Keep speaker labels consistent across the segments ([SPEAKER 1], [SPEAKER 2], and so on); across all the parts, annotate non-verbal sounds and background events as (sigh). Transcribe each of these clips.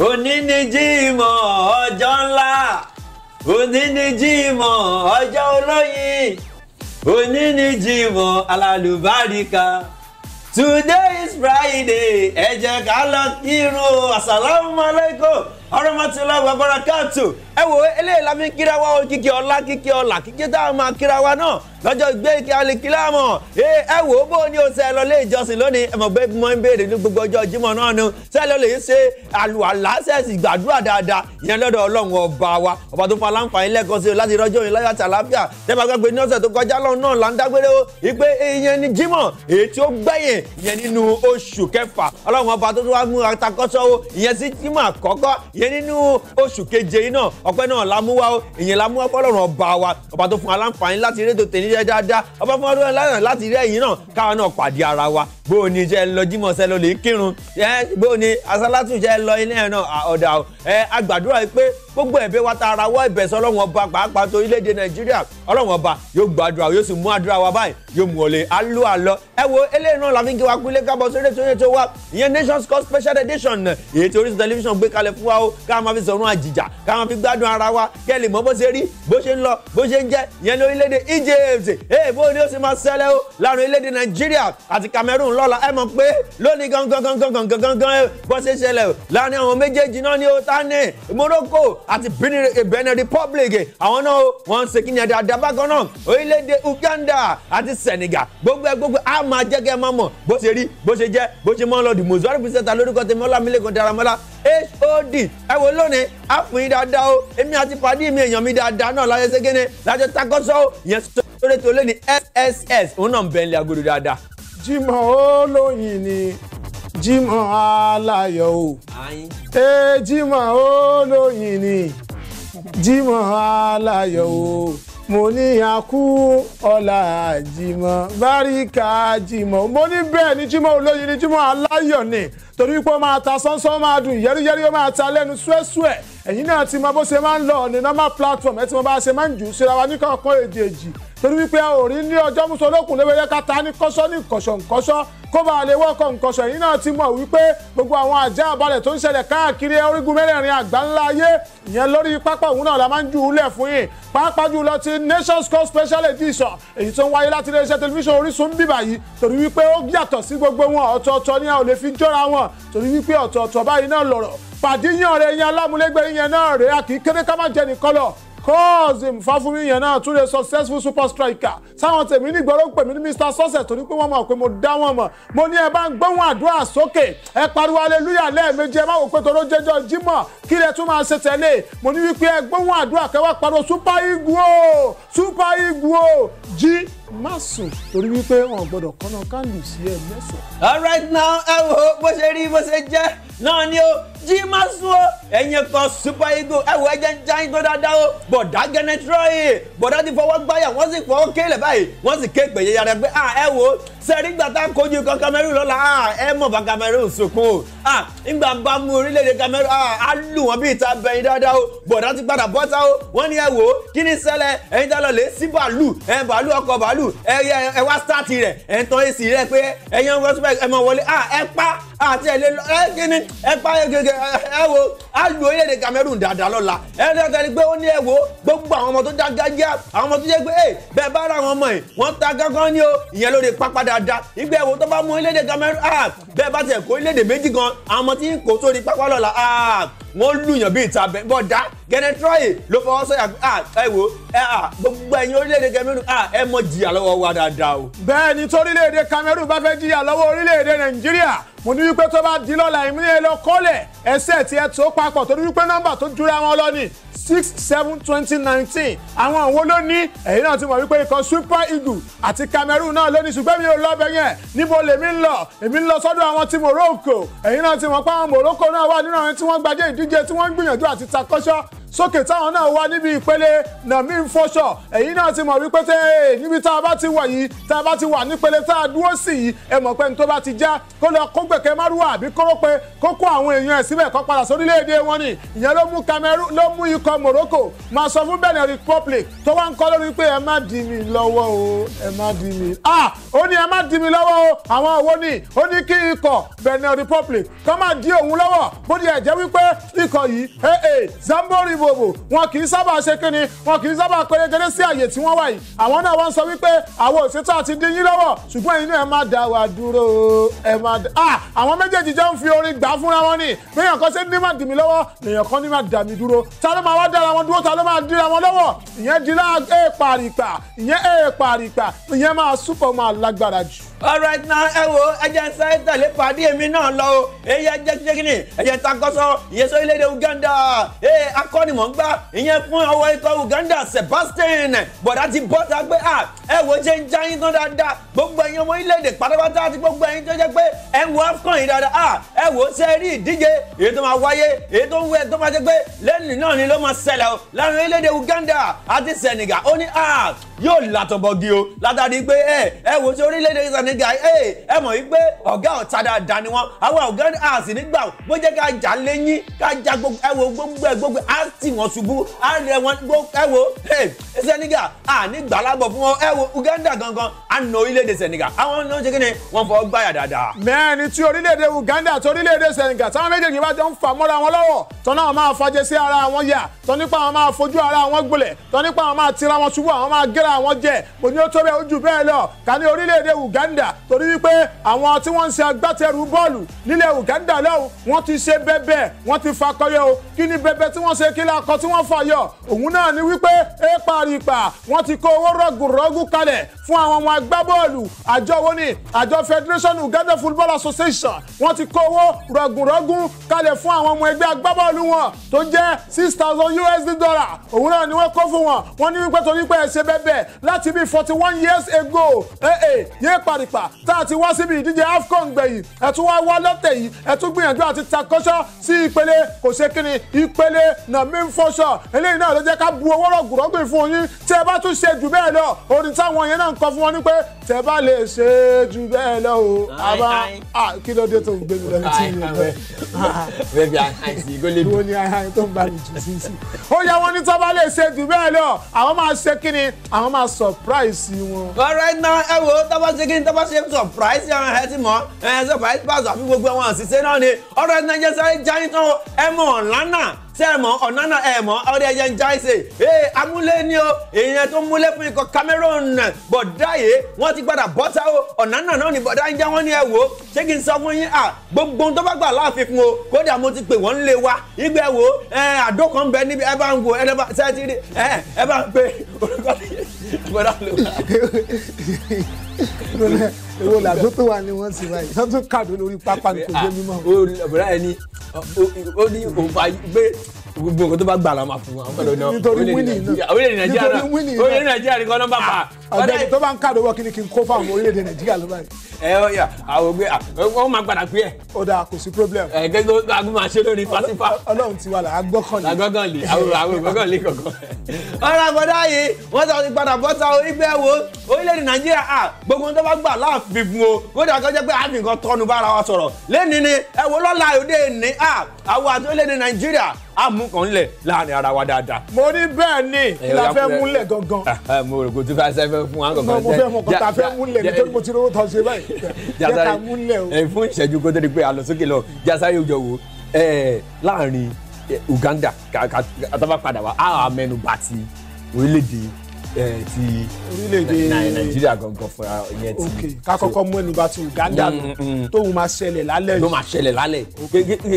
[SPEAKER 1] òní ni jímọ̀ ọjọ́ ńlá òní ni jímọ̀ ọjọ́ olóyin òní ni jímọ̀ alálùbáríkà today is friday ẹ jẹ́ ká lọ kírun asalaamualeykum ọ̀rọ̀mọtìlá gbàgbọ́ra káàtó ẹ wo eléyìí la fi ń kíra wa o kíkí ọlá kíkí ọlà kíkí tá a máa kíra wa náà lọ́jọ́ ìgbé ike alikilamo ẹ wò bó ni o ṣe lọ lé ìjọsìn lónìí ẹ mọ̀ pé mo ń béèrè ní gbogbo ọjọ́ Jímọ̀ náà ni ṣe lọ lè ṣe àlùwàlá ṣẹ́ẹ̀sì gbàdúrà dáadáa ìyẹn lọ́dọ̀ Ọlọ́run ọba wa ọba tó fa láǹfààní lẹ́ẹ̀kan sí o láti rọ́jò yìí láyọ̀ àti àlàáfíà tẹ́gbà gbàgbé ní ọ̀sẹ̀ tó kọjá lọ́run náà là ń dágbére o ìpè ìyẹn ni Jímọ̀ èyí tí ó gbẹ̀yìn ìyẹn nínú oṣù kẹfà Ọlọ́run ọba tó tún wá mú atakọ́sọ́ o ìyẹn yẹn nínú oṣù keje yìí náà ọpẹ́ náà lámúwá o ìyẹn lámúwá fọ́lọ́run ọba wa ọba tó fún wa láǹfààní láti rédò tèmi jẹ dáadáa ọba fún wa lọ́nà láti rí ẹ̀yìn náà káwa náà pàdé ara wa bóò ni jẹ́ lọ jímọ̀ sẹ́ lọ lè kírun bóò ni asálátù jẹ́ lọ ilé ẹ̀ náà ọ̀dà ẹ̀ agbàdúrà pé gbogbo ẹ̀bẹ̀ wa ta ara wọ́ ẹ̀bẹ̀ sọ ọlọ́run ọba pàápàá tó orílẹ̀-èdè nàìjíríà ọlọ́run ọba yóò gbàdúrà yóò sì mú àdúrà wa báyìí yóò mú ọlẹ́ alú àlọ́ ẹ wo eléyìí náà láti ń gé wa kú ilé kábọ̀ sórí ètò ètò wa ìyẹn nations cup special edition èyí tí Orísun tẹlifíṣàn gbé kalẹ̀ fún wa o ká máa fi sọ̀rọ̀ àjìjà ká máa fi gbádùn ara wa kẹ́ lè mọ bó ṣe rí bó ṣe ń lọ bó ṣe ń jẹ́ ìyẹn ní orílẹ̀-èdè Egypt ee bó ni ó sì máa ṣẹlẹ̀ o láàrin orílẹ̀-èdè Nàìjíríà àti Cameroon lọ́la ẹ mọ̀ pé lónìí gangan gangan gangan gangan bó ṣe ṣẹlẹ̀ láàrin àwọn méjèèjì náà ni o ta ni Morocco àti Benin Republic àwọn náà wọ́n ń ṣe kí ni dáadáa bákan náà orílẹ̀-èdè Uganda àti Senegal gbogbo ẹ gbogbo a máa jẹ́ kẹ́ ẹ máa mọ̀ bó ṣe rí bó ṣe jẹ́ bó ṣe mọ́ lọ dì mọ̀sùwárì pírísẹ́tà lórúkọ tèmi Ọlámilékan Dáramọ́lá HOD ẹ wò lónìí á fún yín dáadáa o èmi àti pàdé mi èèyàn mi dáadáa náà lájọ ségéné lájọ takọ́sọ́ o ìyẹn sọ́dọ̀ tó lé ní SSS òun náà ń bẹ́ńlẹ̀ agodo dáadáa.
[SPEAKER 2] Jimoh olóyin ni Jímọ̀ aláyọ̀ o ee Jímọ̀ olóyin ni Jímọ̀ aláyọ̀ o mo ní akú ọ̀la Jímọ̀ báríkà Jímọ̀ mo ní bẹ́ẹ̀ ni Jímọ̀ olóyin ni Jímọ̀ aláyọ̀ ni torí pé ó máa ta sánsán máa dùn yẹ́rìyẹ́rì ó máa ta lẹ́nu ṣúẹ́ṣúẹ́ ẹ̀yin náà ti mọ bó ṣe máa ń lọ ní normal platform ẹ ti mọ bá ṣe máa ń jù síra wa ní kọ̀ọ̀kan èjì èjì torí wípé a ò rí ní ọjọ́ mú sọlọ́kùn lébẹ́rẹ́ ká ta ní kọ́sọ́ ní kọ̀ṣọ̀ nkọ́ṣọ́ kó bá lè wọ́kọ̀ nkọ̀ṣọ̀ yìí náà ti mọ̀ wípé gbogbo àwọn àjá àbálẹ̀ tó ń ṣẹlẹ̀ káàkiri orígun mẹ́rẹ̀ẹ̀rin àgbáńlá ayé ìyẹn lórí pápá òun náà la máa ń jù ú fún yìí pàápàá jùlọ ti Nations Cup Special Edition èyí tó ń wáyé láti iléeṣẹ́ tẹlifíṣàn Orísun ń bìbà yìí torí wípé ó yàtọ̀ sí gbogbo wọn ọ̀tọ̀ọ̀tọ̀ ni a ò lè fi jọra wọn torí wípé ọ̀tọ̀ọ̀tọ̀ báyìí náà lọ̀rọ̀ pàdíyàn rẹ̀ yẹn alámúlégbé yẹn náà rẹ̀ a ká má jẹ nìkan lọ Cause him Cousin Fáfúnmi yẹn náà tún lè successful super striker sáwọn tèmi nígbọ́rọ́ pè mí ní Mr Success torí pé wọ́n mọ̀ pé mo dá wọn mọ̀ mo ní ẹ bá ń gbóhùn àdúrà sókè ẹ pariwo hallelujah lẹ́ẹ̀mejì ẹ má wò pé toró jẹjọ jímọ̀ kí lẹ tún máa ṣe tẹ̀lé mo ní wípé ẹ gbóhùn àdúrà kẹwàá pariwo super eagle o super eagle o jí má sùn torí wípé wọn gbọ́dọ̀ kọ́nà
[SPEAKER 1] káńdù sí ẹ mẹ́sàn. all right now ẹ wo bó ṣe rí bó ṣe jẹ́ náà ni ó jí má sùn ó ẹ̀yìn kan super eagle ẹ wo ẹ jẹ́ ń já igbó dáadáa ó bọ̀dá gẹ́nẹ́tírọ́ọ̀yì bọ̀dá ti fọwọ́ gbáyà wọ́n sì fọwọ́ kéèlè báyìí wọ́n sì ké pèyẹ yàrá pé ẹ wo sẹ́rí ìgbà tá a kojú kan Cameroon lọ́la ẹ mọ̀ bá Cameroon sunkún o ìgbà bá mú orílẹ̀-èdè Cameroon á lù wọ́n bí ìta bẹ̀yìn dáadáa o bọ̀dá ti padà bọ́tà o wọ́n ní ẹ wò ó kí ni ṣẹlẹ̀ ẹ̀yin tá lọ lè sí bàálù ẹ̀ bàálù ọkọ̀ bàálù ẹ̀ wá sítáàtì rẹ̀ ẹ̀ ń tan èsì rẹ̀ pé ẹ̀yin ọgbọ́n ẹ̀ mọ̀ wọlé ẹ̀ pa àti ẹ̀ lè lọ ẹ kíni ẹ pa gègé ẹ wo á lu orílẹ̀-èdè Cameroon dáadáa lọ́la ẹ lọ́kẹ́ ni pé ó ní ẹ wo gbogbo àwọn ọmọ tó dágájá àwọn ọmọ tó jẹ́ pé ẹ bẹ́ẹ̀ bá ra àwọn ọmọ yìí wọ́n ta gángan ni o ìyẹn lórí pápá dáadáa ìgbà ẹ wo tó bá mú orílẹ̀-èdè Cameroon ah, bẹ́ẹ̀ bá tiẹ̀ kó orílẹ̀-èdè méjì gan àwọn ọmọ tí ń kó sórí pápá lọ́la ah, wọ́n lùyàn bíi ìta bẹ́ẹ̀ bọ́dá gẹ́nẹ́tírọ́yì ló fọwọ́ sọ́yà ẹ wo
[SPEAKER 2] gbogbo ẹ̀yin orílẹ̀-èdè Cameroon ẹ mọ jìyà lọ́wọ́ wa dáadáa o. bẹ́ẹ̀ ni torílẹ̀-èdè Cameroon bá fẹ́ jìyà lọ́wọ́ orílẹ̀-èdè Nàìjíríà mo ní wípé tó bá di lọ́la ìmúlẹ̀ ẹ lọ kọ́lẹ̀ ẹsẹ̀ tí ẹ tó papọ̀ torí wípé nọ́mbà tó jura wọn lọ six seven twenty nineteen àwọn òun ló ní ẹ̀yin náà ti mọ̀ wípé ikọ̀ Super Eagle àti Cameroon náà ló ní ṣùgbọ́n mi ò lọ́bẹ̀ yẹn níbo lèmi ń lọ èmi ń lọ sọ́dọ̀ àwọn ti Morocco ẹ̀yin náà ti mọ̀ pé àwọn Morocco náà wà nínú àwọn tí wọ́n gbajẹ́ ìdí ìdíje tí wọ́n ń gbìyànjú àti takọ́ṣọ́ sókè táwọn náà wá níbi ìpele nàmí ń fọṣọ ẹ̀yin náà ti mọ̀ wípé tẹ́ eh, níbi tá a bá ti wà yìí tá a bá ti wà nípele tá a dúró sí yìí ẹ mọ̀ pé ní tó bá ti já kó lọ kó gbẹ̀kẹ́ márùwà àbí kóró pé kó kó àwọn èèyàn ẹ̀ síbẹ̀ kó padà sórílẹ̀-èdè wọn ni ìyẹn ló mú Cameroon ló mú ikọ̀ Morocco máa sọ fún Benin Republic tó wá ń kọ́ lórí pé ẹ má dì mí lọ́wọ́ o ẹ má dì mí ah ó ní ẹ má dì mí lọ́wọ́ o àwọn òwò ni ó ní kí ikọ̀ Benin Republic kọ́ máa dí òun lọ́wọ́ bó ni ẹ̀ jẹ́ wípé ikọ̀ yìí eh, eh, bòbò wọn kì í sábà ṣe kíni wọn kì í sábà pérégedé sí àyè tí wọ́n wà yìí àwọn náà wọ́n ń sọ wípé àwọn òṣètò àti dín yín lọ́wọ́ inú ẹ má dá wa dúró ẹ má dá ah, àwọn méjèèjì jọ ń fi orin gbà fúnra wọn ni lèèyàn kan ṣe ní má dì mí lọ́wọ́ lèèyàn kan ní má dà mí dúró ta ló máa wá dára wọn dúró ta ló máa dira wọn lọ́wọ́ ìyẹn dira èèpàrìpà ìyẹn èèpàrìpà ìyẹn máa alright now ẹ wo ẹjẹ ń sáré tẹ̀lé pàdé èmi náà lọ o èyí ẹjẹ ṣe kí ni ẹjẹ ta kọ́sọ́
[SPEAKER 1] ìyẹn sọ orílẹ̀-èdè Uganda ee akọ́nimọ̀ngbá ìyẹn fún ọwọ́ ikọ̀ Uganda Sebastian bọ̀dá ti bọ́ta pé à ẹ wo ṣe ń jáyín tán dáadáa gbogbo ẹ̀yin ọmọ orílẹ̀-èdè pátápátá àti gbogbo ẹ̀yin tó jẹ́ pé ẹ ń wo AFCON yìí dáadáa à ẹ wo ṣe rí ìdíje èyí tó máa wáyé èyí tó ń wẹ̀ tó máa jẹ́ pé lẹ́nu náà ni ló máa ṣẹlẹ̀ o láàrin orílẹ̀-èdè Uganda àti Senegal ó ní à yóò látọ̀bọ̀gì o látàrí pé ẹ ẹ wo ṣe orílẹ̀-èdè nígbà ẹ ẹ mọ̀ wípé ọ̀gá ọ̀tá dáadáa ni wọ́n àwọn ọ̀gá àsì nígbà bó jẹ́ ká jà léyìn ká já ẹwọ gbogbo ẹ gbogbo á tì wọ́n ṣubú á rẹ wọn ẹwọ Senegal à nígbà lábọ̀ fún wọn ẹwọ Uganda gangan á na orílẹ̀-èdè Senegal àwọn náà ṣe kí ni
[SPEAKER 2] wọ́n fọ gbáyà dáadáa. mẹ́rin tí orílẹ̀-èdè Uganda àti orílẹ̀-èdè Senegal táwọn méjèèjì bá jọ ń fà mọ́ra wọn lọ́wọ́ tọ́nà wọn máa fàjẹ sí ara wọn yà tọ́ nípa wọn máa fojú ara wọn gbolẹ̀ tọ́ nípa wọn máa tira wọn ṣubú àwọn máa gẹ́ra wọn jẹ òní ó tó bẹ́ẹ̀ ó jù bẹ́ẹ̀ lọ ká ní orílẹ̀-èdè Uganda Uganda torí wípé àwọn tí wọ́n ń ṣe agbátẹrù bọ́ọ̀lù nílẹ̀ Uganda lẹ́wọ̀ wọ́n ti ṣe bẹ́bẹ́ wọ́n ti fakọyọ o kí ni bẹ́bẹ́ tí wọ́n ṣe kí la kọ tí wọ́n fàyọ òun náà ni wípé é paripa wọ́n ti kó owó rọ̀gùrọ̀gù kalẹ̀ fún àwọn ọmọ agbábọ́ọ̀lù àjọ wo ni àjọ Federation Uganda Football Association wọ́n ti kó owó rọ̀gùrọ̀gù kalẹ̀ fún àwọn ọmọ ẹgbẹ́ agbábọ́ọ̀lù wọn tó jẹ́ six thousand USD dollar òun náà ni wọ́n kó fún wọn wọ́n ní wípé torí pé ẹ ṣe bẹ́bẹ́ láti bí forty one years ago ẹ ẹ yé paripa ìgbà tá a ti wá síbi ìdíje AFCON gbẹ̀yìn ẹ wá wá lọ́tẹ̀ yìí ẹ gbìyànjú àti takọ́ṣọ́ sí ìpele kò ṣe kíni ìpele nàmín fọ́ṣọ̀ eléyìí náà ló jẹ́ ká bu owó rọ̀gùrọ̀gùn fún yín tẹ́ ẹ bá tún ṣe jù bẹ́ẹ̀ lọ orin táwọn yẹn náà ń kọ fún wọn ni pé tẹ́ bá lè ṣe jù bẹ́ẹ̀ lọ o àbá kí ló dé tó gbé mi lẹ́nu (laughs) ní àìsí tó tó bá ṣe surprise
[SPEAKER 1] yàrá ẹ ti mọ̀ ẹ surprise pass àfi gbogbo àwọn àṣìṣe náà ni ọ̀rọ̀ ẹ̀ nàìjíríà sáré jáyé tán ẹ mọ̀ lánàá ṣe ẹ mọ̀ ọ̀nà ẹ mọ̀ ọ̀rẹ́ ẹ̀yẹ ń jáìsè ee amúlé ni o èèyàn tó múlé fún ikọ̀ Cameroon bọ̀dá yìí wọ́n ti gbọ́dọ̀ bọ́ta o ọ̀nà náà ni bọ̀dá ń já wọ́n ní ẹ ṣé kí n sọ fún yín à gbogbo tó bá gbà láàfin fún o kódà mo ti pè wọ́n lé wa ìgbẹ́ wo àdó kan bẹ níbi ẹ bá ń wo ẹ bá ń pe orúkọ
[SPEAKER 2] bọ́dà ló wà. èwo làgbo tó wà ní wọ́n ti báyìí wọ́n tún kàdó lórí pápá ní kò dé mímọ́. bọ́dà
[SPEAKER 1] ẹni ó ní òǹfà gbé gbogbo nǹkan tó bá gbà la máa fún wa. nítorí winning náà nítorí winning náà orílẹ̀-èdè nàìjíríà
[SPEAKER 2] nìkan náà bá pa. Ah, ọ̀dẹ́ni tó bá ń káàdó wọ́n kí ni kí n kó fáwọn orílẹ̀-èdè nàìjíríà ló báyìí.
[SPEAKER 1] ẹ ọ yà àwọn ògbé ah, ọ máa padà pé ẹ. ó dáa kò sí problem. ẹ gẹ́gẹ́ tó a máa ṣe lórí fásitì. ọlọ́run ti wà là agbọ́kànlé. agbọ́kànlé àwọn ògbọ́kànlé kọ̀ọ̀kan. (laughs) ọ̀rọ̀ àbọ̀dá yìí wọ́n ti padà bọ́ta orí bẹ́ẹ̀ wo orílẹ̀-èdè nàìjíríà à gbogbo ohun tó bá gbà láàfin fún o kódà kó jẹ́ pé àfi nǹkan tọ́nu bára wa sọ̀rọ̀ lẹ́ni ni ẹ wo lọ́la òde ní à àwọn àti orílẹ̀-èdè nàìjíríà á mú kàn lẹ̀ láàrin ara wa dáadáa. mo ní bẹ́ẹ̀ ni la fẹ́ múlẹ̀ gangan. Eh, eh, mo rò kó tí fẹ́ fẹ́ fún wa gangan. mo fẹ́ mọ̀ kó ta fẹ́ múlẹ̀ nítorí
[SPEAKER 2] mo ti rówó tọ́ ṣe báyìí.
[SPEAKER 1] jata eh, fún ìṣẹ́jú kó tó di pé àlọ́sókè lọ jasa yóò jọ wò láàrin Uganda àtàwọn padà wá àwọn
[SPEAKER 2] orílẹ̀-èdè
[SPEAKER 1] ti
[SPEAKER 2] nàìjíríà gangan fúnra yẹn ti. ok ká mú ẹnu ti Uganda mm, mm, mm. tóun máa ṣẹlẹ̀ lálẹ́ ló máa ṣẹlẹ̀
[SPEAKER 1] lálẹ́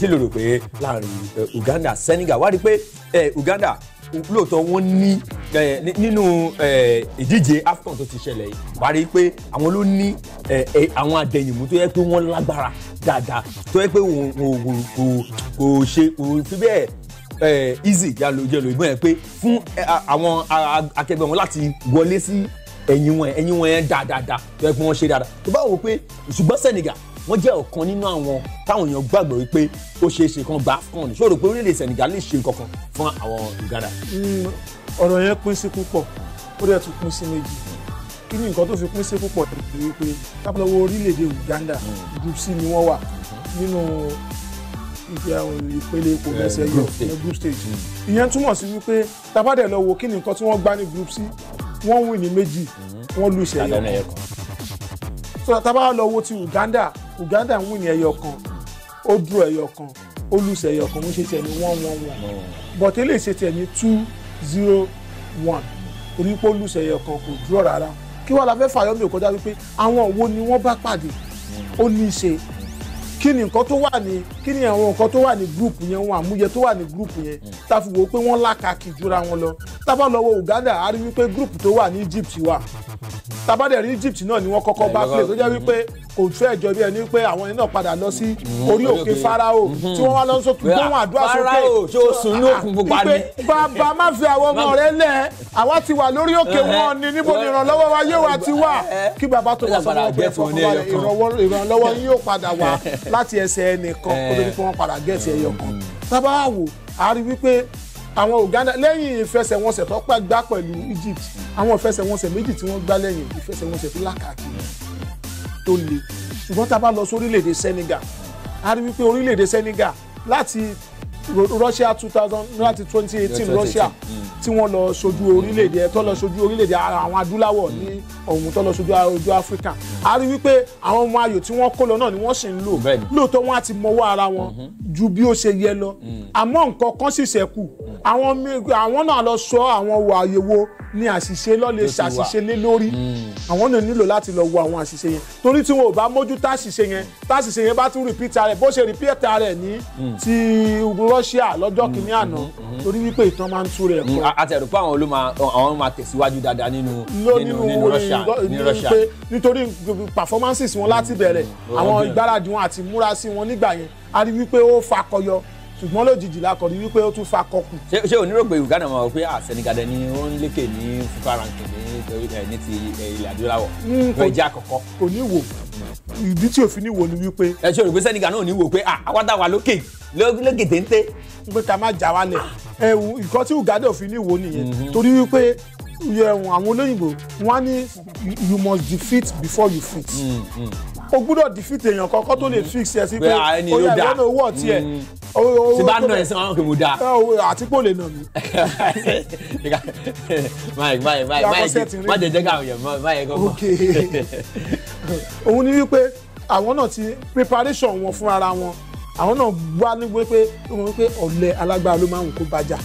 [SPEAKER 1] kí ló rò pé láàrin Uganda Senegal wá rí i pé Uganda lóòótọ́ wọ́n ní nínú ìdíje AFCON tó ti ṣẹlẹ̀ yìí wá rí i pé àwọn ló ní àwọn àdẹ̀yìnmú tó yẹ pé wọ́n lágbára dáadáa tó yẹ pé kò ṣe kò fi bẹ́ẹ̀ easy jalo ìbọn yẹn pé fún àwọn akẹgbẹ́ wọn láti wọlé sí ẹ̀yìn wọn ẹ̀yìn wọn yẹn dáadáa tó yẹ kí wọ́n ṣe dáadáa tó bá wò pé ṣùgbọ́n Senegal wọ́n jẹ́ ọ̀kan nínú àwọn táwọn èèyàn gbàgbọ́ wípé ó ṣeé ṣe kan gba AFCON
[SPEAKER 2] ṣó rò pé orílẹ̀-èdè Senegal lè ṣe kankan fún àwọn Uganda. Hmm, ọ̀rọ̀ yẹn pín sí púpọ̀ ó dẹ̀ tún pín sí méjì kí ni nǹkan tó fi pín sí púpọ̀ ni wípé tábìlọ́wọ́ orílẹ̀-èdè Uganda group C ni wọ́n wà nínú ìpele ipò mẹ́sẹ̀ eh, yọ ní group stage hmm. ìyẹn túmọ̀ sí wípé tabadẹ̀ lọ wo kí ni nǹkan tí wọ́n gbá ní group c wọ́n win ní méjì hmm. wọ́n lù ìṣẹ̀yọ kan so tabadẹ̀ lọ wo ti Uganda Uganda win ní ẹyọ kan ó dúró ẹyọ kan ó lù ìṣẹ̀yọ kan wọ́n ṣe tiẹ̀ ní one one one hmm. but eléyìí ṣe tiẹ̀ ní two zero one orí pé ó lù ìṣẹ̀yọ kan kò dúró rárá kí wàá la fẹ́ fàyọ́mì òkọjá wípé àwọn wo ni wọ́n bá pàdé ó ní í ṣe kí ni nǹkan tó wà ní kí ni àwọn nǹkan tó wà ní gúrùpù yẹn wọn àmúyẹ tó wà ní gúrùpù yẹn hmm. tá a fi wò ó pé wọ́n lákàkì jura wọn lọ tá a Uganda a rí wípé gúrùpù tó wà ní Egypt wà tabadẹ rí Egypt náà ni wọ́n kọ́kọ́ bá play tó jẹ́ wípé kò fẹ́ jọ bí ẹni pé àwọn ẹni náà padà lọ sí mm-hmm. orí òkè Farao mm-hmm. tí wọ́n wá lọ sókè gbóhùn àdúrà sókè Farao tí ó sùn ní òkun pupa ni. bàbá má fi àwọn ọmọ rẹ lẹ àwa ti wà lórí òkè wọn ni níbo ni ìrànlọ́wọ́ wa yóò wá ti wà kí bàbá tó wà sọ́wọ́ ọgbẹ́ fọkànbalẹ̀ ìrànlọ́wọ́ yín yóò padà wá láti ẹsẹ̀ ẹnìkan kó lórí pé wọ́n padà gẹ̀ẹ́sì ẹyọ àwọn Uganda lẹ́yìn ìfẹsẹ̀wọnsẹ̀ tó pẹ́ gbá pẹ̀lú Egypt àwọn ìfẹsẹ̀wọnsẹ̀ méjì tí wọ́n gbá lẹ́yìn ìfẹsẹ̀wọnsẹ̀ tó lákàkiri tó le ṣùgbọ́n tá a bá lọ sí orílẹ̀-èdè Senegal a rí wípé orílẹ̀-èdè Senegal láti Russia two thousand láti twenty eighteen Russia mm. tí wọ́n lọ sojú orílẹ̀-èdè tó lọ sojú orílẹ̀-èdè àwọn adúláwọ̀ ní ọ̀hún tó lọ sojú ojú Africa a rí wípé àwọn ọmọ ayò tí wọ́n kó lọ náà ni wọ́n sì ń lò lóòótọ́ wọn á ti mọwọ́ ara wọn mm-hmm. ju bí ó ṣe yẹ lọ mm. àmọ́ nǹkan kan sì ṣẹ́kù mm. àwọn náà lọ sọ àwọn àyẹ̀wò ni àṣìṣe lọ́lẹ̀ ṣàṣìṣe lé lórí àwọn náà nílò láti lọ wo àwọn àṣìṣe yẹn torí tí wọn ò bá mójú táṣìṣe yẹn táṣìṣe yẹn bá tún rìpítà rẹ̀ bó ṣe rìpítà rẹ̀ ní ti Russia lọ́jọ́ mm-hmm. kìíní àná mm-hmm. Mm-hmm. torí wípé ìtàn máa ń tú rẹ̀ kọ́. Mm,
[SPEAKER 1] a ti rò pé àwọn ló máa àwọn máa tẹ̀síwájú dáadáa nínú Russia ní Russia.
[SPEAKER 2] nítorí performances wọn láti bẹ̀rẹ̀ àwọn ìgbáradì wọn àti múra sí wọn nígbà yẹn a rí wípé ó fakọyọ ṣùgbọ́n lójijì la kọ̀ rí wípé ó tún fa kọkù.
[SPEAKER 1] ṣé ṣé onírò pé Uganda máa wọ pé àsẹnigadẹ ah, ni ó ń lékè ní fúnfà rankin ní ti ilẹ̀ adúláwọ̀ ó jẹ́ àkọ́kọ́. kò ní wò
[SPEAKER 2] ìdí tí òfin ní wò ni wípé. ẹ ṣe olùgbé sẹ́nìgà náà ní wò pé ah, àwátàwà lókè lókè téńté. pé ká má já wálẹ̀ ẹ̀wù nǹkan tí uganda òfin ní ìwò nìyẹn torí wípé ẹ̀wù àwọn olóyìnbó wọ́n ní you must defeat before you fit. Mm, mm. o gbúdọ̀ defeat èèyàn kankan tó lè fix ẹ sí pé ó yẹ owó ọ̀tí ẹ̀. ṣe mm. bá nà ẹ sí wọn kò àti pò lè nà mí.
[SPEAKER 1] máyì máyì máyì máyì má jẹ káwọn yẹn máyì kọkọ.
[SPEAKER 2] (laughs) òun ni wípé àwọn náà ti preparation wọn fún ara wọn àwọn náà wá ní wípé wípé ọ̀lẹ alágbára ló máa ń kó bàjá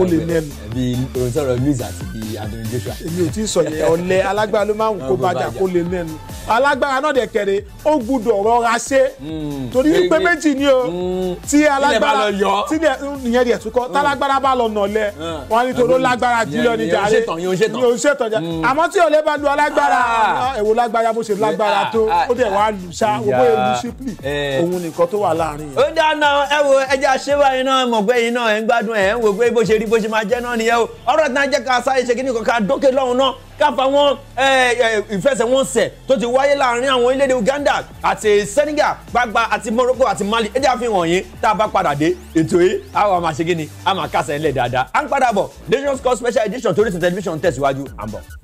[SPEAKER 2] o lè ní ẹnu.
[SPEAKER 1] bí sọ̀rọ̀ Luis àti bí Anthony
[SPEAKER 2] Joshua. èmi ò tí ì sọ yẹn ọ̀lẹ alágbára ló máa ń kó bàjá kó lè ní ẹnu alágbára náà dẹ̀ kẹ̀rẹ̀ ó gbúdọ̀ rọra ṣe hmm, torí wípé méjì ni o hmm, tí alágbára tí ìyẹn dẹ̀ tún kọ́ hmm. tálágbára bá lọ nà lẹ wọn ni tòró lágbára jùlọ ní jàre ni o ṣe tọ̀jà àmọ́ tí ọ̀lẹ bá lu alágbára ah. ẹ̀wò lágbára bó ṣe lágbára tó ah, ó dẹ̀ ah, wá lù sá owó èlù sípìlì òun nìkan tó wà láàrin yẹn. ó dáná ẹ wo ẹja ṣé báyìí náà
[SPEAKER 1] mọ̀ pé yìí náà ẹ̀ ń gbádùn ẹ̀ ń wò pé bó ṣe rí bó ṣe máa jẹ́ náà nìyẹn o ọ̀rọ̀ tí wọ́n jẹ́ ká sáré ṣe kíní kan ká dókè lọ́hùn náà ká fa wọn ìfẹsẹ̀wọnsẹ̀ tó ti wáyé láàrin àwọn orílẹ̀-èdè Uganda àti Senegal gbagba àti Morocco àti Mali ẹjẹ́ àfihàn yín tá a bá padà dé ètò yìí àwọn àmàṣe kíni àmàkásẹ̀ ńlẹ̀ dáadáa à ń padà bọ̀ Nations Cup special edition torí ti tẹlifíṣàn tẹ̀síwájú à ń bọ̀.